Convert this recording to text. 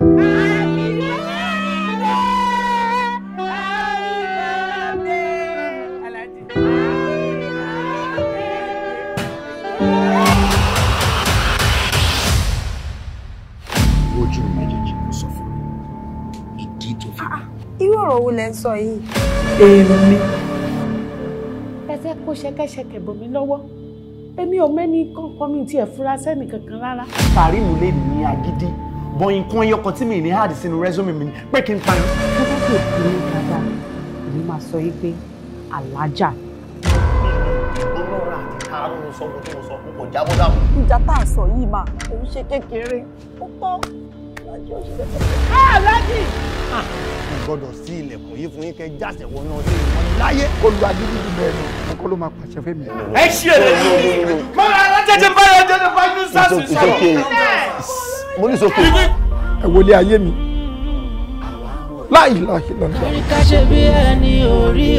Ah, sọ yìí. èmi. ẹsẹ̀ kó ṣẹ̀kẹ̀ṣẹ̀kẹ̀ bò mí lọ́wọ́ èmi ò mẹ́ni kankan mi tiẹ̀ fura sẹ́nì kankan rárá. Karim lè ní agídí bọ̀ nǹkan ẹyọkan tí mi ní hard sínú resume mi pé kí n pa ní. bàbá kò ní dáadáa èmi máa sọ yí pé alájà. olóra àti káàárọ̀ ló sọ ohun mo sọ fún kò jábọ́ dáhùn. ìjà tá a sọ yìí mà òun ṣe kékeré ó pọ́ alájì ó ṣe kékeré. Ah, alájì ah, gbọ́dọ̀ sí ilẹ̀kùn yìí fún yín kẹ́ jáṣẹ̀ wọn náà sí ìwọ̀n láyé. kó lu agídíjú bẹ́ẹ̀ lọ mo ló máa pàṣẹ fẹ́mi. ẹ ṣe é lè ní. mọ́ra báyọ̀ mo ní sókè ẹ wọlé ayé mi láì láì lọ́nà. àríkà ṣe bí ẹni orí